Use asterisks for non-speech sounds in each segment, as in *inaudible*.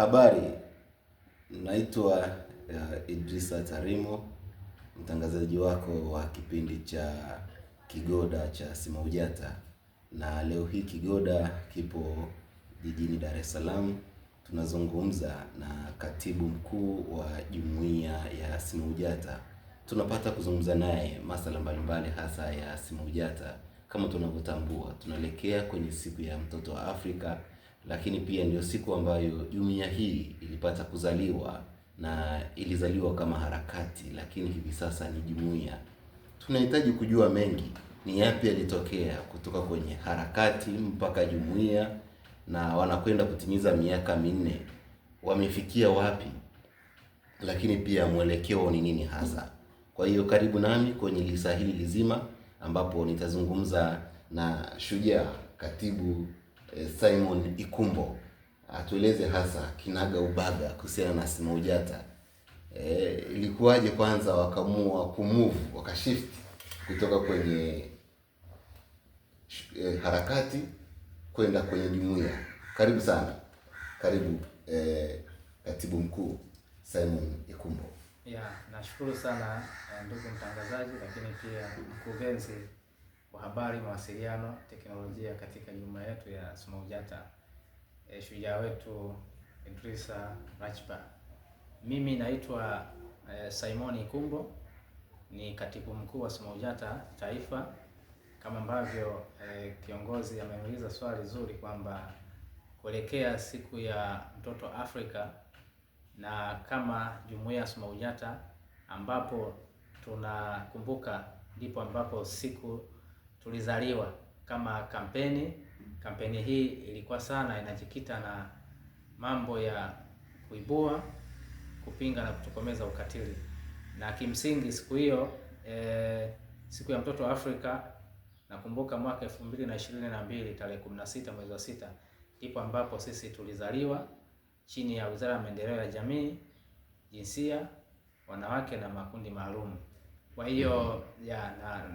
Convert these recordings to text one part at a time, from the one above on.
Habari, naitwa uh, Idrisa Tarimo, mtangazaji wako wa kipindi cha Kigoda cha Simaujata, na leo hii Kigoda kipo jijini Dar es Salaam. Tunazungumza na katibu mkuu wa jumuiya ya Simaujata, tunapata kuzungumza naye masala mbalimbali hasa ya Simaujata. Kama tunavyotambua, tunaelekea kwenye siku ya mtoto wa Afrika lakini pia ndio siku ambayo jumuiya hii ilipata kuzaliwa na ilizaliwa kama harakati, lakini hivi sasa ni jumuiya. Tunahitaji kujua mengi, ni yapi yalitokea kutoka kwenye harakati mpaka jumuiya, na wanakwenda kutimiza miaka minne, wamefikia wapi, lakini pia mwelekeo ni nini hasa. Kwa hiyo karibu nami kwenye lisa hili lizima ambapo nitazungumza na Shujaa, katibu Eh, Simon Ikumbo atueleze hasa kinaga ubaga kuhusiana na Ujata. E, ilikuwaje kwanza wakamua kumove wakashift kutoka kwenye e, harakati kwenda kwenye jumuiya? Karibu sana, karibu e, katibu mkuu Simon Ikumbo. Ya, nashukuru sana ndugu mtangazaji, lakini pia mkurugenzi wa habari, mawasiliano, teknolojia katika jumuiya yetu ya SMAUJATA. E, eh, shujaa wetu Idrisa Rachba. Mimi naitwa e, Simon Ikumbo ni katibu mkuu wa SMAUJATA taifa. Kama ambavyo e, kiongozi ameuliza swali zuri kwamba kuelekea siku ya mtoto Afrika na kama jumuiya ya SMAUJATA ambapo tunakumbuka ndipo ambapo siku tulizaliwa kama kampeni. Kampeni hii ilikuwa sana inajikita na mambo ya kuibua, kupinga na kutokomeza ukatili, na kimsingi siku hiyo e, siku ya mtoto wa Afrika nakumbuka mwaka elfu mbili na ishirini na mbili tarehe 16 mwezi wa sita ndipo ambapo sisi tulizaliwa chini ya Wizara ya Maendeleo ya Jamii, Jinsia, Wanawake na Makundi Maalum. Kwa hiyo ya na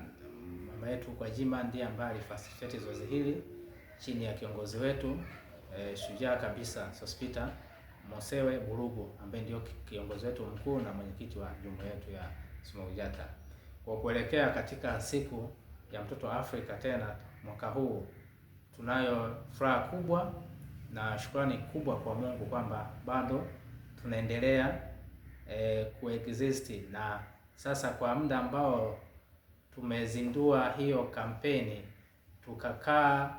mama yetu Gwajima ndiye ambaye alifasilitate zoezi hili chini ya kiongozi wetu e, shujaa kabisa Sospita Mosewe Burugu ambaye ndio kiongozi wetu mkuu na mwenyekiti wa jumuiya yetu ya SMAUJATA. Kwa kuelekea katika siku ya mtoto wa Afrika tena mwaka huu, tunayo furaha kubwa na shukrani kubwa kwa Mungu kwamba bado tunaendelea e, eh, kuexist na sasa kwa muda ambao tumezindua hiyo kampeni, tukakaa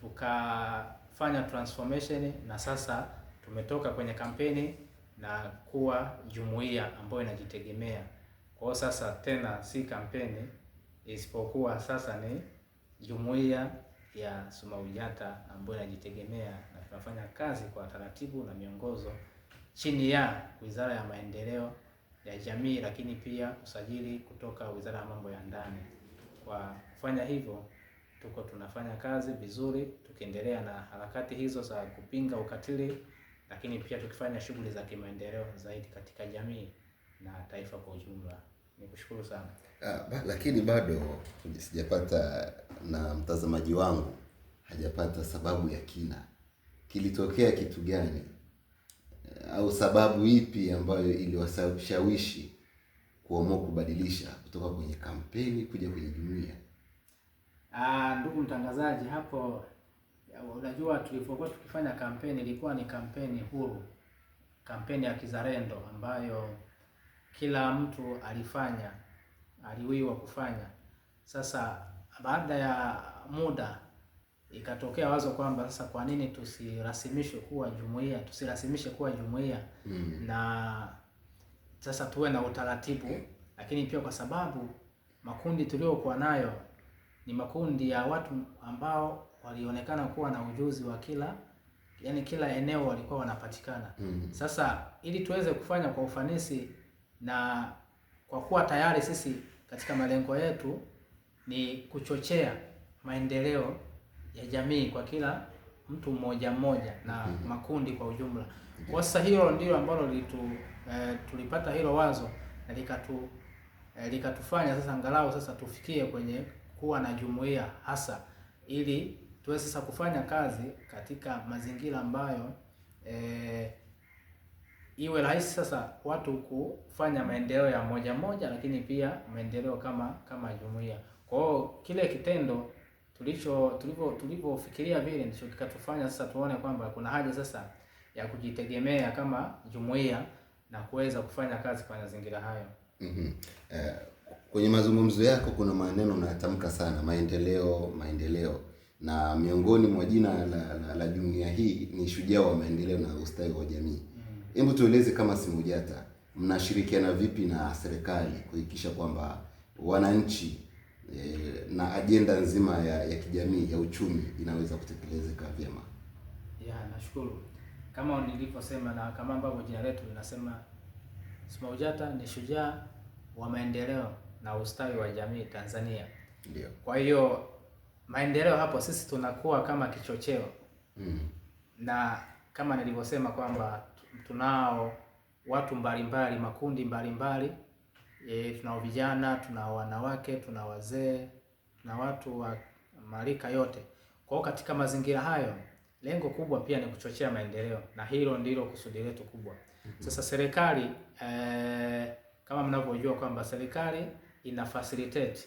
tukafanya transformation, na sasa tumetoka kwenye kampeni na kuwa jumuiya ambayo inajitegemea. Kwa hiyo sasa tena si kampeni, isipokuwa sasa ni jumuiya ya SMAUJATA ambayo inajitegemea na tunafanya kazi kwa taratibu na miongozo chini ya Wizara ya Maendeleo ya jamii, lakini pia usajili kutoka Wizara ya Mambo ya Ndani. Kwa kufanya hivyo, tuko tunafanya kazi vizuri, tukiendelea na harakati hizo za kupinga ukatili, lakini pia tukifanya shughuli za kimaendeleo zaidi katika jamii na taifa kwa ujumla. Nikushukuru sana. Ah, lakini bado sijapata na mtazamaji wangu hajapata sababu ya kina, kilitokea kitu gani au sababu ipi ambayo iliwashawishi kuamua kubadilisha kutoka kwenye kampeni kuja kwenye jumuiya? Ah, ndugu mtangazaji, hapo unajua, tulipokuwa tukifanya kampeni ilikuwa ni kampeni huru, kampeni ya kizalendo ambayo kila mtu alifanya aliwiwa kufanya. Sasa baada ya muda ikatokea wazo kwamba sasa kwa nini tusirasimishe kuwa jumuiya, tusirasimishe kuwa jumuiya mm. na sasa tuwe na utaratibu Lakini pia kwa sababu makundi tuliokuwa nayo ni makundi ya watu ambao walionekana kuwa na ujuzi wa kila yani kila eneo walikuwa wanapatikana mm. Sasa ili tuweze kufanya kwa ufanisi na kwa kuwa tayari sisi katika malengo yetu ni kuchochea maendeleo ya jamii kwa kila mtu mmoja mmoja na mhm. makundi kwa ujumla. Mhm. Kwa sasa hilo ndilo ambalo litu, eh, tulipata hilo wazo na likatu eh, likatufanya sasa angalau sasa tufikie kwenye kuwa na jumuiya hasa ili tuweze sasa kufanya kazi katika mazingira ambayo eh, iwe rahisi sasa watu kufanya maendeleo ya moja moja, lakini pia maendeleo kama kama jumuiya. Kwa hiyo kile kitendo tulicho tulivyo tulivyofikiria vile ndicho kikatufanya sasa tuone kwamba kuna haja sasa ya kujitegemea kama jumuiya na kuweza kufanya kazi kwa mazingira hayo. Mm-hmm. Eh, kwenye mazungumzo yako kuna maneno unayatamka sana maendeleo, maendeleo na miongoni mwa jina la, la, la jumuiya hii ni Shujaa wa Maendeleo na Ustawi wa Jamii. Mm. Hebu mm. tueleze kama simujata mnashirikiana vipi na serikali kuhakikisha kwamba wananchi Eh, na ajenda nzima ya, ya kijamii ya uchumi inaweza kutekelezeka vyema. Yeah, nashukuru kama nilivyosema na kama ambavyo jina letu linasema SMAUJATA ni shujaa wa maendeleo na ustawi wa jamii Tanzania. Ndio. Kwa hiyo maendeleo hapo sisi tunakuwa kama kichocheo mm. na kama nilivyosema kwamba tunao watu mbalimbali, makundi mbalimbali e, tunao vijana, tuna wanawake, tuna wazee na watu wa marika yote. Kwa hiyo katika mazingira hayo, lengo kubwa pia ni kuchochea maendeleo, na hilo ndilo kusudi letu kubwa. Mhm. Sasa serikali e, kama mnavyojua kwamba serikali ina facilitate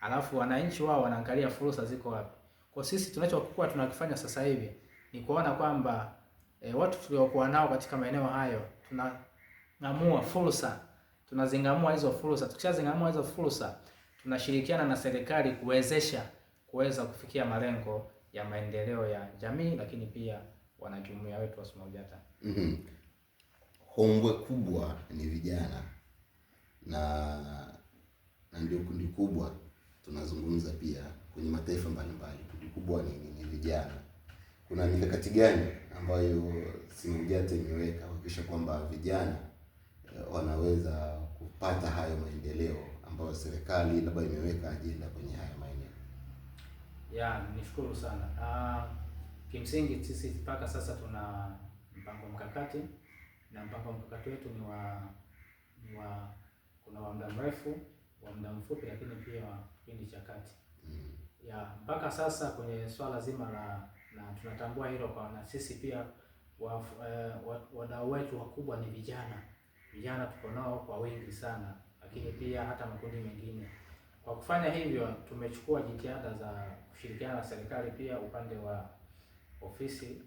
alafu wananchi wao wanaangalia fursa ziko wapi. Kwa sisi tunachokuwa tunakifanya sasa hivi ni kuona kwamba e, watu tuliokuwa nao katika maeneo hayo tunang'amua fursa tunazingamua hizo fursa. Tukishazingamua hizo fursa, tunashirikiana na serikali kuwezesha kuweza kufikia malengo ya maendeleo ya jamii, lakini pia wanajumuiya wetu wa SMAUJATA. mm -hmm. Hongwe kubwa ni vijana na, na ndio kundi kubwa tunazungumza pia kwenye mataifa mbalimbali. Kundi kubwa ni, ni, ni vijana. Kuna mikakati gani ambayo SMAUJATA imeweka kuhakikisha kwamba vijana eh, wanaweza kupata hayo maendeleo ambayo serikali labda imeweka ajenda kwenye haya maeneo? Ya, nishukuru sana. Uh, kimsingi sisi mpaka sasa tuna mpango mkakati na mpango mkakati wetu ni wa ni wa kuna wa muda mrefu, wa muda mfupi, lakini pia wa kipindi cha kati. Mm. Ya, mpaka sasa kwenye swala zima la na tunatambua hilo kwa na sisi pia eh, wa, eh, wadau wetu wakubwa ni vijana mm vijana tuko nao kwa wingi sana, lakini pia hata makundi mengine. Kwa kufanya hivyo, tumechukua jitihada za kushirikiana na serikali pia upande wa ofisi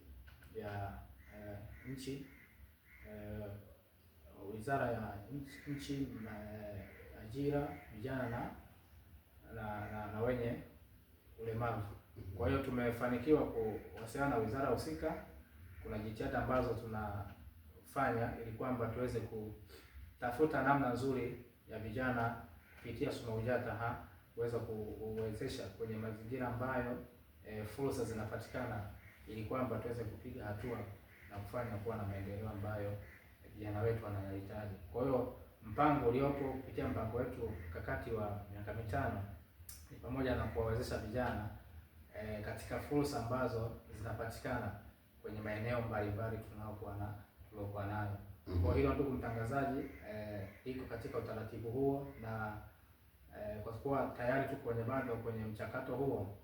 ya e, nchi e, wizara ya nchi na eh, e, ajira, vijana na na, na na wenye ulemavu. Kwa hiyo tumefanikiwa kuwasiliana na wizara husika. Kuna jitihada ambazo tuna kufanya ili kwamba tuweze kutafuta namna nzuri ya vijana kupitia Soma ha kuweza kuwezesha kwenye mazingira ambayo e, fursa zinapatikana ili kwamba tuweze kupiga hatua na kufanya kuwa na maendeleo ambayo vijana wetu wanayahitaji. Kwa hiyo mpango uliopo kupitia mpango wetu mkakati wa miaka mitano ni pamoja na kuwawezesha vijana e, katika fursa ambazo zinapatikana kwenye maeneo mbalimbali tunaokuwa na tuliokuwa nayo. mm -hmm. Kwa mhm. hiyo ndugu mtangazaji, eh, iko katika utaratibu huo na eh, kwa kuwa tayari tuko kwenye bado kwenye mchakato huo,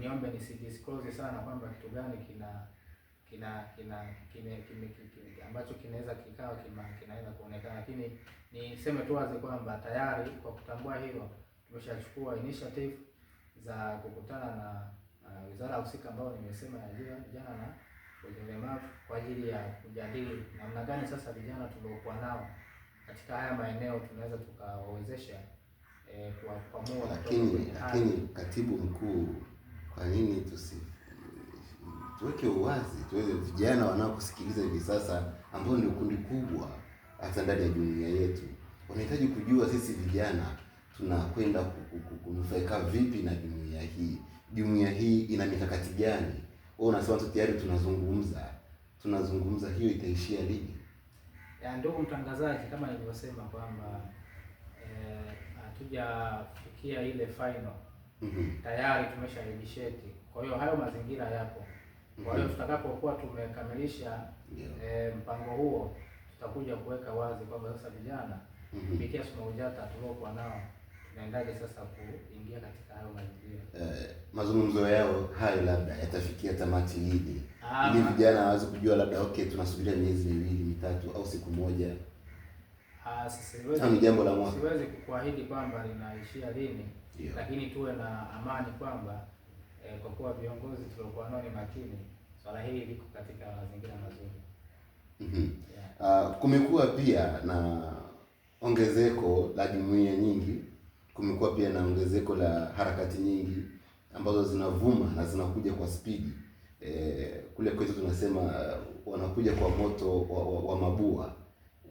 niombe nisidisclose sana kwamba kitu gani kina kina kina kime, kime, kime, ambacho kinaweza kikawa kinaweza kuonekana, lakini niseme tu wazi kwamba tayari kwa kutambua hilo tumeshachukua initiative za kukutana na eh, wizara uh, husika ambayo nimesema ya jana na wenye ulemavu kwa ajili ya kujadili namna gani sasa vijana tuliokuwa nao katika haya maeneo tunaweza tukawawezesha e, eh, kuwakwamua. Lakini lakini katibu mkuu, kwa nini tusi tuweke uwazi tuweze vijana wanaokusikiliza hivi sasa ambao ni kundi kubwa hata ndani ya dunia yetu wanahitaji kujua sisi vijana tunakwenda kunufaika vipi na jumuiya hii. Jumuiya hii ina mikakati gani? wewe unasema tu tayari tunazungumza, tunazungumza, hiyo itaishia lini? Ya, ndugu mtangazaji, kama nilivyosema kwamba eh, hatujafikia eh, ile final mm -hmm. Tayari tumesha negotiate, kwa hiyo hayo mazingira yapo. Kwa hiyo mhm. tutakapokuwa tumekamilisha yeah. e, mpango huo tutakuja kuweka wazi kwamba sasa vijana mm -hmm. kupitia SMAUJATA tuliokuwa nao Naendaje sasa kuingia katika hayo mazingira? Eh, mazungumzo yao hayo labda yatafikia tamati lini? Ah. Ili vijana waweze kujua labda okay, tunasubiria miezi miwili mitatu au siku moja. Ah, ni jambo la mwaka. Siwezi kukuahidi kwamba linaishia lini, lakini tuwe na amani kwamba eh, kwa kuwa viongozi tuliokuwa nao ni makini, swala hili liko katika mazingira mazuri. Mm -hmm. Yeah. Uh, kumekuwa pia na ongezeko la jumuiya nyingi kumekuwa pia na ongezeko la harakati nyingi ambazo zinavuma na zinakuja kwa spidi. E, eh, kule kwetu tunasema uh, wanakuja kwa moto wa, wa, wa mabua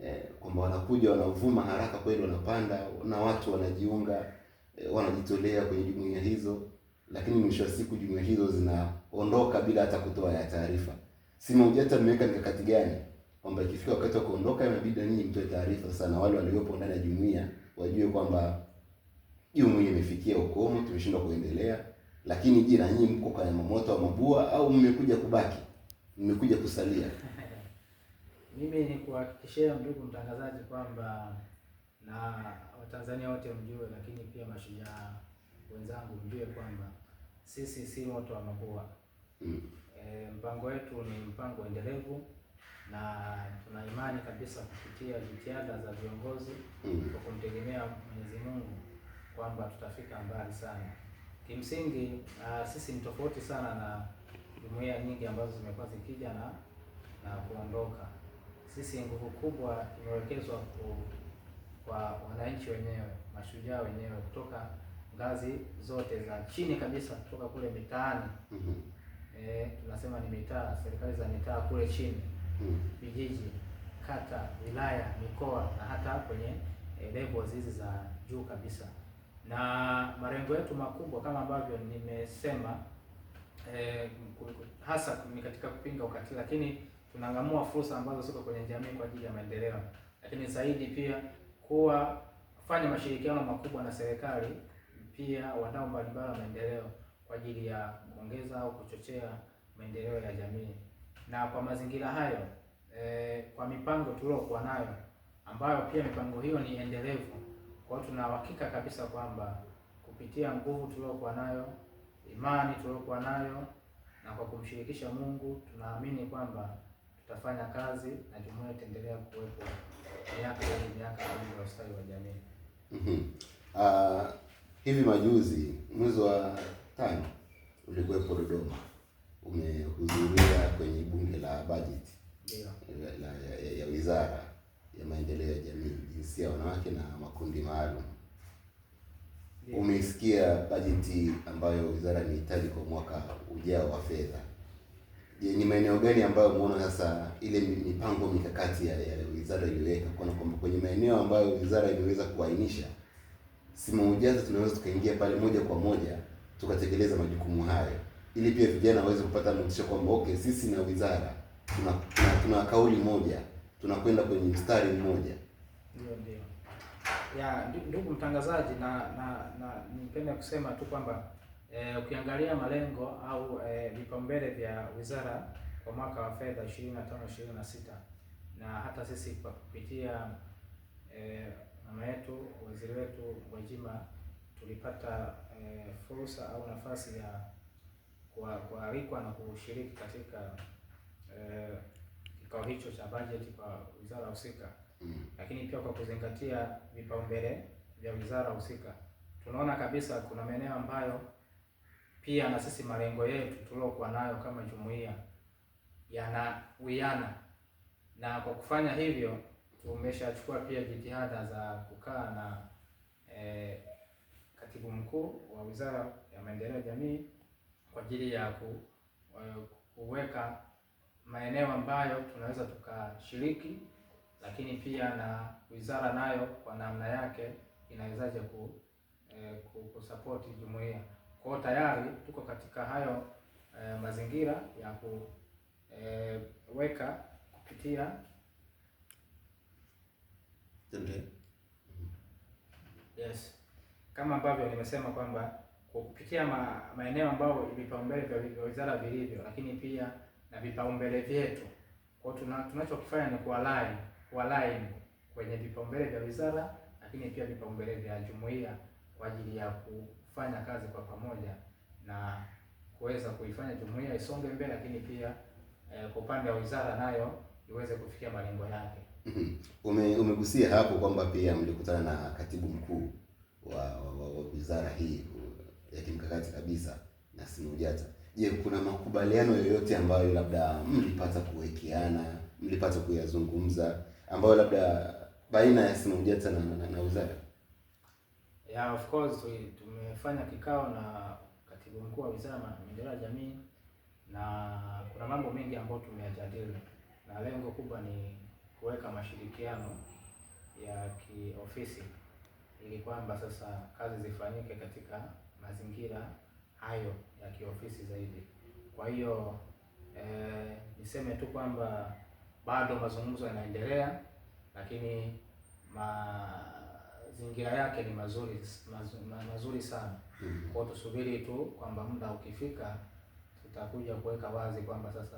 e, kwamba wanakuja wanavuma haraka kweli, wanapanda na watu wanajiunga e, wanajitolea kwenye jumuiya hizo, lakini mwisho wa siku jumuiya hizo zinaondoka bila hata kutoa ya taarifa. Si MAUJATA mmeweka mikakati gani kwamba ikifika wakati wa kuondoka inabidi ninyi mtoe taarifa sana, wale waliopo ndani ya jumuiya wajue kwamba mwenye imefikia ukomo, tumeshindwa kuendelea. Lakini je, na nyinyi mko kwa moto wa mabua au mmekuja kubaki? Mmekuja kusalia? *laughs* Mimi ni kuhakikishia ndugu mtangazaji kwamba na Watanzania wote mjue, lakini pia mashujaa wenzangu mjue kwamba sisi si moto wa mabua. Mm. E, mpango wetu ni mpango endelevu na tuna imani kabisa kupitia jitihada za viongozi mm. kwa kumtegemea Mwenyezi Mungu kwamba tutafika mbali sana. Kimsingi uh, sisi ni tofauti sana na jumuiya nyingi ambazo zimekuwa zikija na na kuondoka. Sisi nguvu kubwa imewekezwa kwa wananchi wenyewe, mashujaa wenyewe, kutoka ngazi zote za chini kabisa, kutoka kule mitaani mm -hmm. E, tunasema ni mitaa, serikali za mitaa kule chini mm-hmm. vijiji mm -hmm. kata, wilaya, mikoa na hata kwenye e, levels hizi za juu kabisa na malengo yetu makubwa kama ambavyo nimesema eh, hasa ni katika kupinga ukatili, lakini tunang'amua fursa ambazo ziko kwenye jamii kwa ajili ya maendeleo, lakini zaidi pia kuwa fanya mashirikiano makubwa na serikali pia wadau mbalimbali wa maendeleo kwa ajili ya kuongeza au kuchochea maendeleo ya jamii. Na kwa mazingira hayo eh, kwa mipango tuliokuwa nayo ambayo pia mipango hiyo ni endelevu kwa hiyo tuna uhakika kabisa kwamba kupitia nguvu tuliokuwa nayo, imani tuliokuwa nayo na kwa kumshirikisha Mungu, tunaamini kwamba tutafanya kazi na jumuiya itaendelea kuwepo miaka hadi miaka ya ustawi wa jamii. Uh, hivi majuzi mwezi wa tano ulikuwepo Dodoma, umehudhuria kwenye bunge la bajeti ya, ya, ya wizara ya maendeleo ya jamii jinsia ya wanawake na makundi maalum. Umeisikia bajeti ambayo wizara inahitaji kwa mwaka ujao wa fedha. Je, ni maeneo gani ambayo umeona sasa ile mipango mikakati ya, ya wizara iliweka kwa kwamba kwenye maeneo ambayo wizara imeweza kuainisha simu ujazo tunaweza tukaingia pale moja kwa moja tukatekeleza majukumu hayo, ili pia vijana waweze kupata motisha kwamba okay, sisi na wizara tuna, tuna, tuna kauli moja tunakwenda kwenye mstari mmoja ndio, ndio. Ya, ndugu mtangazaji na na, na nipende kusema tu kwamba e, ukiangalia malengo au eh, vipaumbele e, vya wizara kwa mwaka wa fedha 25 26 na hata sisi kwa kupitia e, mama yetu waziri wetu Gwajima tulipata e, fursa au nafasi ya kualikwa na kushiriki katika e, kikao hicho cha bajeti kwa wizara husika lakini pia kwa kuzingatia vipaumbele vya wizara husika, tunaona kabisa kuna maeneo ambayo pia na sisi malengo yetu tuliokuwa nayo kama jumuiya yanawiana, na kwa kufanya hivyo tumeshachukua pia jitihada za kukaa na e, katibu mkuu wa Wizara ya Maendeleo ya Jamii kwa ajili ya ku, eh, kuweka maeneo ambayo tunaweza tukashiriki lakini pia na wizara nayo kwa namna yake inawezaje ku, eh, kusapoti jumuiya. Kwa tayari tuko katika hayo eh, mazingira ya kuweka eh, kupitia yes kama ambavyo nimesema kwamba kupitia ma, maeneo ambayo vipaumbele vya wizara vilivyo, lakini pia na vipaumbele vyetu. Kwa hiyo tuna, tunachokifanya ni kualai line kwenye vipaumbele vya wizara, lakini pia vipaumbele vya jumuiya kwa ajili ya kufanya kazi kwa pamoja na kuweza kuifanya jumuiya isonge mbele, lakini pia eh, kwa upande wa wizara nayo iweze kufikia malengo yake. Mm-hmm. Ume, umegusia hapo kwamba pia mlikutana na katibu mkuu wa, wa, wa, wa wizara hii ya kimkakati kabisa na simujata Je, kuna makubaliano yoyote ambayo labda mlipata kuwekeana, mlipata kuyazungumza ambayo labda baina ya Simon Jetson na, na, na Uzara? Yeah, of course tumefanya kikao na katibu mkuu wa Wizara ya Maendeleo ya Jamii na kuna mambo mengi ambayo tumeyajadili na lengo kubwa ni kuweka mashirikiano ya kiofisi ili kwamba sasa kazi zifanyike katika mazingira hayo ya kiofisi zaidi. Kwa hiyo eh, niseme tu kwamba bado mazungumzo yanaendelea, lakini mazingira yake ni mazuri mazuri, mazuri sana mm. Kwa tusubiri tu kwamba muda ukifika, tutakuja kuweka wazi kwamba sasa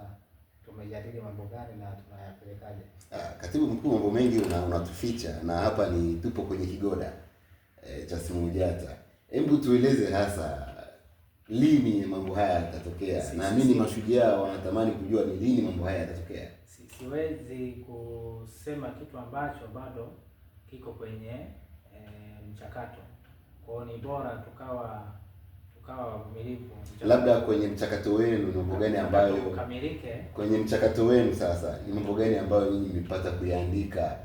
tumejadili mambo gani na tunayapelekaje. Ah, katibu mkuu, mambo mengi unatuficha una na hapa ni tupo kwenye kigoda e, cha Sumujata. Hebu tueleze hasa lini mambo haya yatatokea, na mimi mashujaa wanatamani kujua ni lini mambo haya yatatokea siwezi kusema kitu ambacho bado kiko kwenye e, mchakato. Kwa hiyo ni bora tukawa tukawa wavumilivu. Labda kwenye mchakato wenu ni mambo gani ambayo ukamilike? Kwenye mchakato wenu sasa ni mambo gani ambayo nyinyi mmepata kuyaandika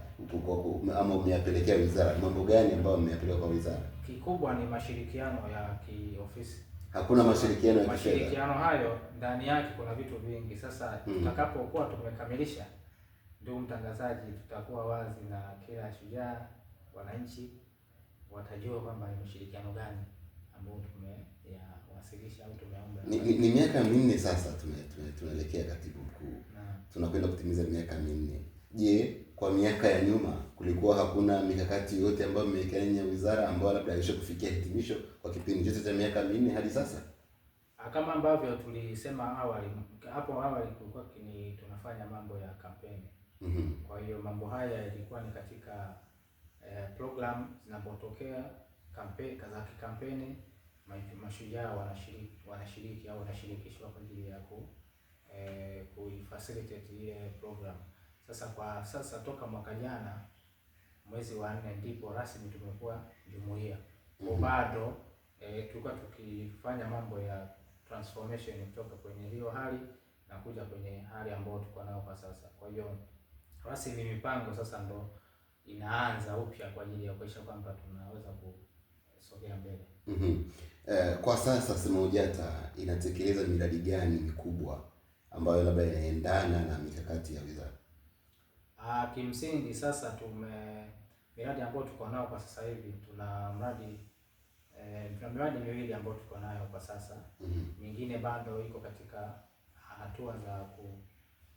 ama umeyapelekea wizara? Mambo gani ambayo mmeyapeleka kwa wizara? Kikubwa ni mashirikiano ya kiofisi hakuna mashirikiano ya kifedha. Mashirikiano hayo ndani yake kuna vitu vingi. Sasa hmm. tutakapokuwa tumekamilisha, ndio mtangazaji, tutakuwa wazi na kila shujaa, wananchi watajua kwamba ni mshirikiano gani ambao tumeyawasilisha au tumeomba. Ni, ni miaka minne sasa tunaelekea, tume, tume, katibu mkuu, tunakwenda kutimiza miaka minne. Je, kwa miaka ya nyuma kulikuwa hakuna mikakati yote ambayo imekanya wizara ambayo labda ilisha kufikia hitimisho kwa kipindi chote cha miaka minne hadi sasa? Ah, kama ambavyo tulisema awali, hapo awali kulikuwa ni tunafanya mambo ya kampeni mm -hmm. Kwa hiyo mambo haya yalikuwa ni katika eh, program zinapotokea kampeni za kikampeni, mashujaa wanashiriki wanashiriki au wanashirikishwa kwa ajili ya ku eh, kuifacilitate ile program sasa kwa sasa toka mwaka jana mwezi wa nne ndipo rasmi tumekuwa jumuiya. Kwa bado e, tulikuwa tukifanya mambo ya transformation kutoka kwenye hiyo hali na kuja kwenye hali ambayo tuko nayo kwa sasa. Kwa hiyo rasmi mipango sasa ndo inaanza upya kwa ajili ya kuhakikisha kwamba tunaweza kusogea mbele. Mm -hmm. Eh, kwa sasa SMAUJATA inatekeleza miradi gani mikubwa ambayo labda inaendana na mikakati ya wizara? Ah, kimsingi sasa tume miradi ambayo tuko nayo kwa sasa hivi tuna mradi eh, tuna miradi miwili ambayo tuko nayo kwa sasa mm -hmm. Mingine bado iko katika hatua za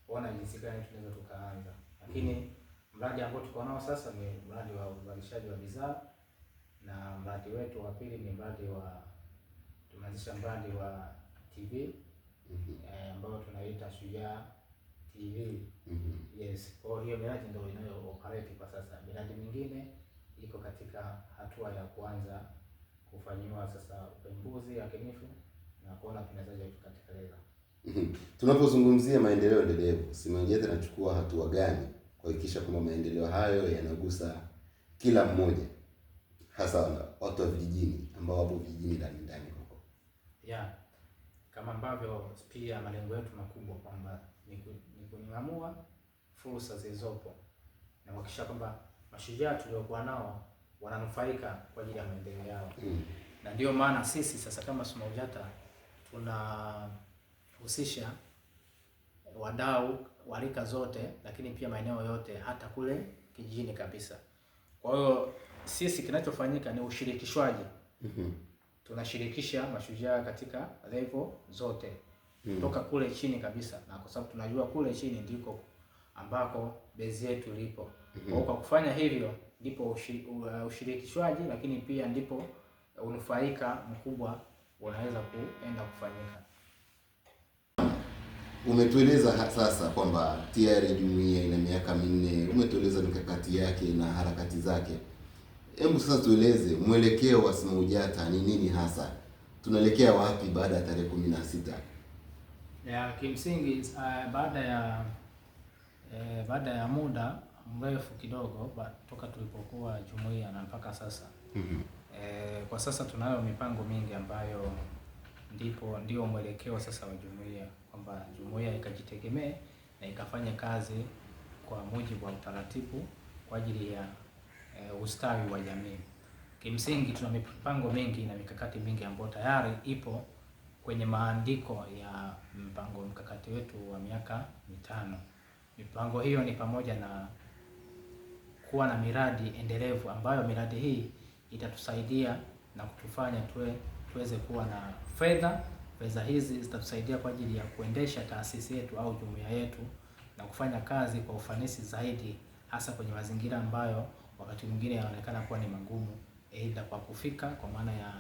kuona jinsi gani tunaweza tukaanza, lakini mm -hmm. mradi ambao tuko nao sasa ni mradi wa uzalishaji wa bidhaa na mradi wetu wa pili ni mradi wa tumeanzisha mradi wa TV mm -hmm. eh, ambao tunaita Shujaa TV. Mm-hmm. Yes. Kwa hiyo miradi ndio inayo operate kwa sasa. Miradi mingine iko katika hatua ya kufanyiwa sasa upembuzi yakinifu na kuona kutekeleza. Mm-hmm. Tunapozungumzia maendeleo endelevu, SMAUJETA inachukua hatua gani kuhakikisha kwamba maendeleo hayo yanagusa kila mmoja, hasa watu wa vijijini ambao wapo vijijini ndani ndani huko? Yeah. Kama ambavyo pia malengo yetu makubwa kwamba ni kung'amua fursa zilizopo na kuhakikisha kwamba mashujaa tuliokuwa nao wananufaika kwa ajili ya maendeleo yao mm. Na ndiyo maana sisi sasa kama SMAUJATA tunahusisha wadau walika zote, lakini pia maeneo yote hata kule kijijini kabisa. Kwa hiyo sisi kinachofanyika ni ushirikishwaji mm -hmm. Tunashirikisha mashujaa katika level zote kutoka hmm, kule chini kabisa, na kwa sababu tunajua kule chini ndiko ambako bezi yetu lipo. Kwa mhm. kwa kufanya hivyo ndipo ushirikishwaji, lakini pia ndipo unufaika mkubwa unaweza kuenda kufanyika. Umetueleza sasa kwamba tayari jumuiya ina miaka minne, umetueleza mikakati yake na harakati zake. Hebu sasa tueleze mwelekeo wa SMAUJATA ni nini hasa, tunaelekea wapi baada ya tarehe kumi na sita? ya kimsingi uh, baada ya eh, baada ya muda mrefu kidogo toka tulipokuwa jumuiya na mpaka sasa mm -hmm. eh, kwa sasa tunayo mipango mingi ambayo ndipo ndio mwelekeo sasa wa jumuiya kwamba jumuiya ikajitegemee na ikafanya kazi kwa mujibu wa utaratibu kwa ajili ya eh, ustawi wa jamii. Kimsingi tuna mipango mingi na mikakati mingi ambayo tayari ipo kwenye maandiko ya mpango mkakati wetu wa miaka mitano. Mipango hiyo ni pamoja na kuwa na miradi endelevu ambayo miradi hii itatusaidia na kutufanya tuwe, tuweze kuwa na fedha. Fedha hizi zitatusaidia kwa ajili ya kuendesha taasisi yetu au jumuiya yetu na kufanya kazi kwa ufanisi zaidi, hasa kwenye mazingira ambayo wakati mwingine yanaonekana kuwa ni magumu, aidha kwa kufika, kwa maana ya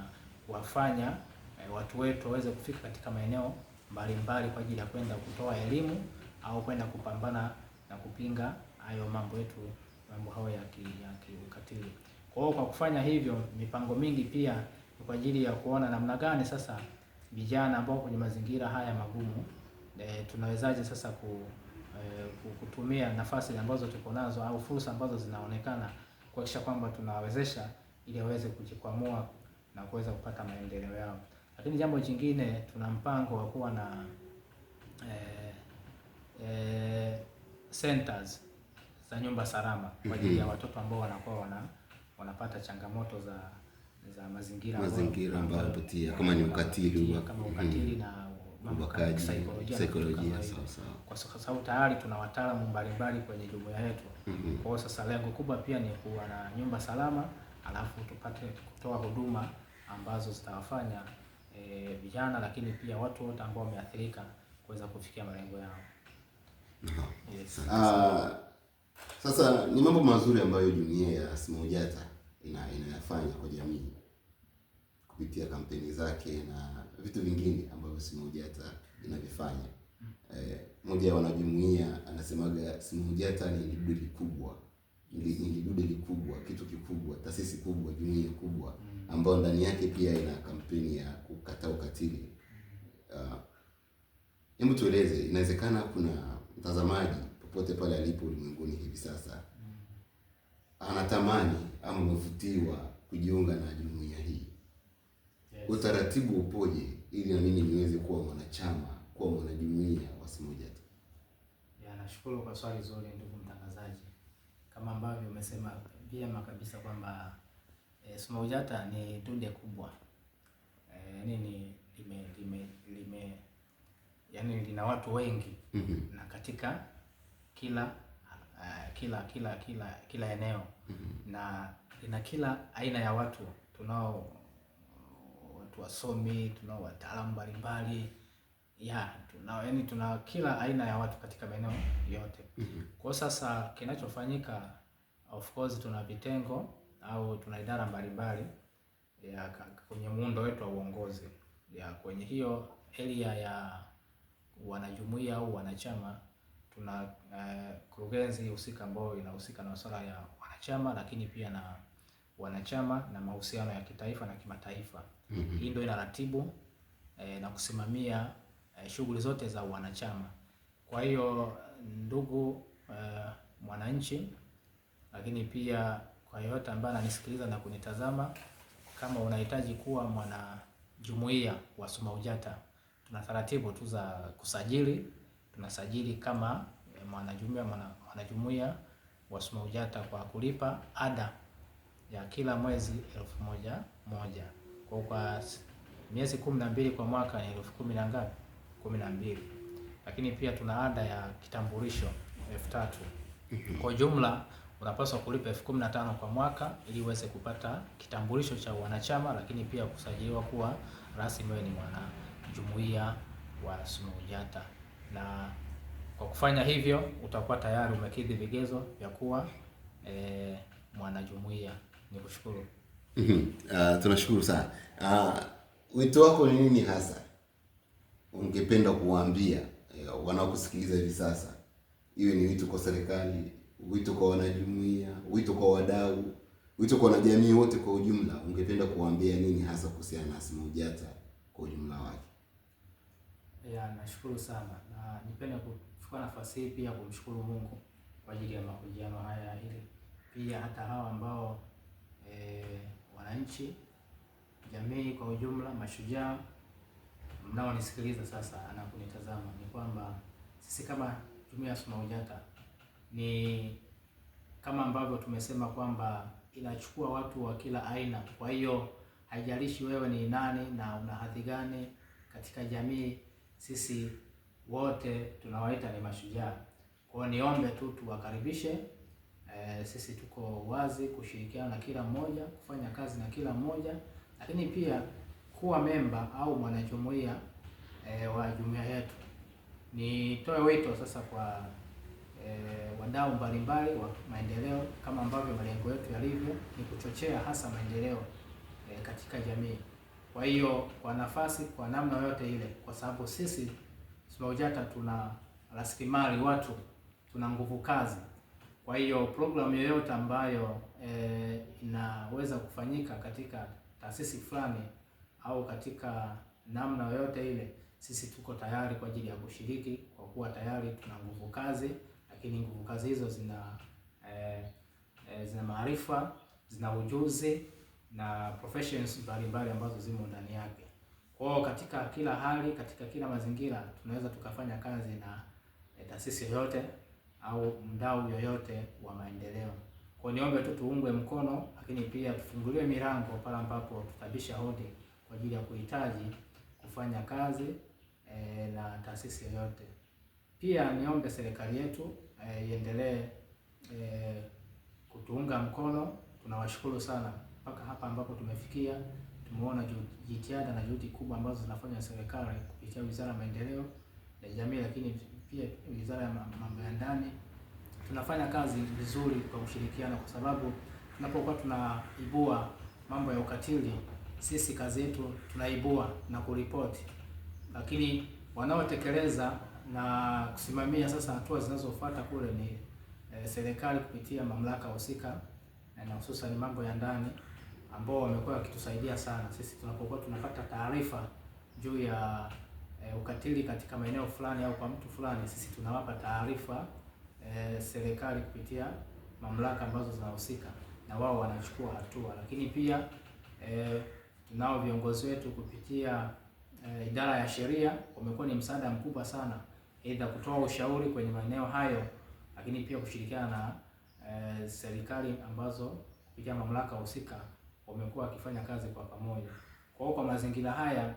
kuwafanya Eh, watu wetu waweze kufika katika maeneo mbalimbali kwa ajili ya kwenda kutoa elimu au kwenda kupambana na kupinga hayo mambo yetu mambo hayo ya ki, ya kiukatili. Kwa hiyo kwa kufanya hivyo, mipango mingi pia ni kwa ajili ya kuona namna gani sasa vijana ambao kwenye mazingira haya magumu e, tunawezaje sasa ku, e, kutumia nafasi ambazo tuko nazo au fursa ambazo zinaonekana kuhakikisha kwamba tunawawezesha ili waweze kujikwamua na kuweza kupata maendeleo yao. Lakini jambo jingine, tuna mpango wa kuwa na eh, eh, centers za nyumba salama kwa ajili ya mhm. watoto ambao wanakuwa wana, wanapata changamoto za za mazingira mazingira ambayo wanapitia kama ni ukatili kama ukatili mhm. na mambo ya saikolojia sawa sawa, kwa sababu tayari tuna wataalamu mbalimbali kwenye jumuiya yetu. Mhm. Kwa hiyo sasa, lengo kubwa pia ni kuwa na nyumba salama, alafu tupate kutoa huduma ambazo zitawafanya e, vijana lakini pia watu wote ambao wameathirika kuweza kufikia malengo yao. Yes. Uh, sasa ni mambo mazuri ambayo jumuiya ya Smaujata ina inayafanya kwa jamii kupitia kampeni zake na vitu vingine ambavyo Smaujata inavifanya. Eh, mmoja wa wanajumuiya anasemaga Smaujata ni lidude likubwa, ni lidude likubwa, kitu kikubwa, taasisi kubwa, jumuiya kubwa ambayo ndani yake pia ina kampeni ya kukataa ukatili. Ah, hebu uh, tueleze, inawezekana kuna mtazamaji popote pale alipo ulimwenguni hivi sasa anatamani ama amevutiwa kujiunga na jumuiya hii, yes. Utaratibu upoje ili na mimi niweze kuwa mwanachama, kuwa mwanajumuiya wa tu Ya, nashukuru kwa swali zuri ndugu mtangazaji, kama ambavyo umesema vyema kabisa kwamba E, eh, Suma ni dude kubwa e, ni lime, lime, lime yani lina watu wengi mm -hmm. na katika kila uh, kila kila kila kila eneo mm -hmm. na lina kila aina ya watu tunao watu wasomi, tunao wataalamu mbalimbali ya tunao yani tuna kila aina ya watu katika maeneo yote mm -hmm. Kwa sasa kinachofanyika, of course tuna vitengo au tuna idara mbalimbali ya kwenye muundo wetu wa uongozi ya kwenye hiyo area ya wanajumuiya au wanachama tuna eh, kurugenzi husika ambayo inahusika na masuala ya wanachama, lakini pia na wanachama na mahusiano ya kitaifa na kimataifa. mm -hmm. Hii ndio inaratibu eh, na kusimamia eh, shughuli zote za wanachama. Kwa hiyo ndugu, eh, mwananchi, lakini pia kwa yeyote ambaye ananisikiliza na kunitazama. Kama unahitaji kuwa mwana jumuiya wa Soma Ujata, tuna taratibu tu za kusajili. Tunasajili kama mwanajumuiya mwanajumuiya wa Soma Ujata kwa kulipa ada ya kila mwezi elfu moja moja. Kwa kwa miezi kumi na mbili kwa mwaka ni elfu kumi na ngapi? Kumi na mbili. Lakini pia tuna ada ya kitambulisho elfu tatu kwa jumla unapaswa kulipa elfu kumi na tano kwa mwaka ili uweze kupata kitambulisho cha wanachama, lakini pia kusajiliwa kuwa rasmi wewe ni mwanajumuiya wa SMAUJATA na kwa kufanya hivyo utakuwa tayari umekidhi vigezo vya kuwa e, eh, mwanajumuiya. Ni kushukuru. Uh, mhm. ah, tunashukuru sana. Uh, wito wako ni nini hasa ungependa kuwaambia eh, wanaokusikiliza hivi sasa, iwe ni wito kwa serikali wito kwa wanajumuiya, wito kwa wadau, wito kwa wanajamii wote kwa ujumla, ungependa kuwaambia nini hasa kuhusiana na Asma Ujata kwa ujumla wake? Ya, nashukuru sana na nipende kuchukua nafasi hii pia kumshukuru Mungu kwa ajili ya mahojiano haya, ili pia hata hawa ambao e, wananchi, jamii kwa ujumla, mashujaa mnaonisikiliza sasa na kunitazama, ni kwamba sisi kama jumuiya ya Asma Ujata ni kama ambavyo tumesema kwamba inachukua watu wa kila aina. Kwa hiyo haijalishi wewe ni nani na una hadhi gani katika jamii, sisi wote tunawaita ni mashujaa. Kwa hiyo niombe tu tuwakaribishe. E, sisi tuko wazi kushirikiana na kila mmoja, kufanya kazi na kila mmoja, lakini pia kuwa memba au mwanajumuiya e, eh, wa jumuiya yetu. Nitoe wito sasa kwa wadau mbalimbali wa maendeleo kama ambavyo malengo yetu yalivyo ni kuchochea hasa maendeleo e, katika jamii. Kwa hiyo kwa nafasi, kwa namna yoyote ile, kwa sababu sisi SMAUJATA tuna rasilimali watu, tuna nguvu kazi. Kwa hiyo programu yoyote ambayo e, inaweza kufanyika katika taasisi fulani au katika namna yoyote ile, sisi tuko tayari kwa ajili ya kushiriki, kwa kuwa tayari tuna nguvu kazi lakini nguvu kazi hizo zina eh, eh, zina maarifa, zina ujuzi na professions mbalimbali ambazo zimo ndani yake. Kwao katika kila hali, katika kila mazingira tunaweza tukafanya kazi na eh, taasisi yoyote au mdau yoyote wa maendeleo. Kwa niombe tu tuungwe mkono, lakini pia tufunguliwe milango pale ambapo tutabisha hodi kwa ajili ya kuhitaji kufanya kazi eh, na taasisi yoyote. Pia niombe serikali yetu eh, iendelee e, kutuunga mkono. Tunawashukuru sana mpaka hapa ambapo tumefikia. Tumeona jitihada na juhudi kubwa ambazo zinafanya serikali kupitia Wizara ya Maendeleo ya Jamii, lakini pia Wizara ya Mambo ya Ndani. Tunafanya kazi vizuri kwa kushirikiana, kwa sababu tunapokuwa tunaibua mambo ya ukatili, sisi kazi yetu tunaibua na kuripoti, lakini wanaotekeleza na kusimamia sasa hatua zinazofuata kule ni e, serikali kupitia mamlaka husika e, na hususan mambo ya ndani ambao wamekuwa wakitusaidia sana sisi tunapokuwa tunapata taarifa juu ya e, ukatili katika maeneo fulani au kwa mtu fulani, sisi tunawapa taarifa e, serikali kupitia mamlaka ambazo zinahusika na wao wanachukua hatua. Lakini pia e, tunao viongozi wetu kupitia e, idara ya sheria wamekuwa ni msaada mkubwa sana aidha kutoa ushauri kwenye maeneo hayo, lakini pia kushirikiana na e, serikali ambazo kupitia mamlaka husika wamekuwa wakifanya kazi kwa pamoja. Kwa hiyo kwa mazingira haya,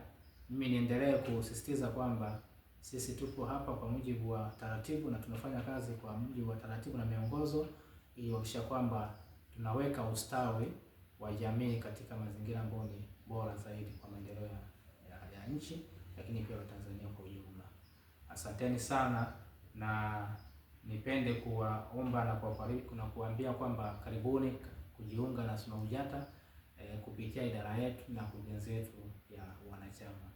mimi niendelee kusisitiza kwamba sisi tupo hapa kwa mujibu wa taratibu na tunafanya kazi kwa mujibu wa taratibu na miongozo ili kuhakikisha kwamba tunaweka ustawi wa jamii katika mazingira ambayo ni bora zaidi kwa maendeleo ya, ya, ya nchi lakini pia Watanzania. Asanteni sana na nipende kuwaomba na kuwafariki na kuambia kwamba karibuni kujiunga na SMAUJATA eh, kupitia idara yetu na kurugenzi yetu ya wanachama.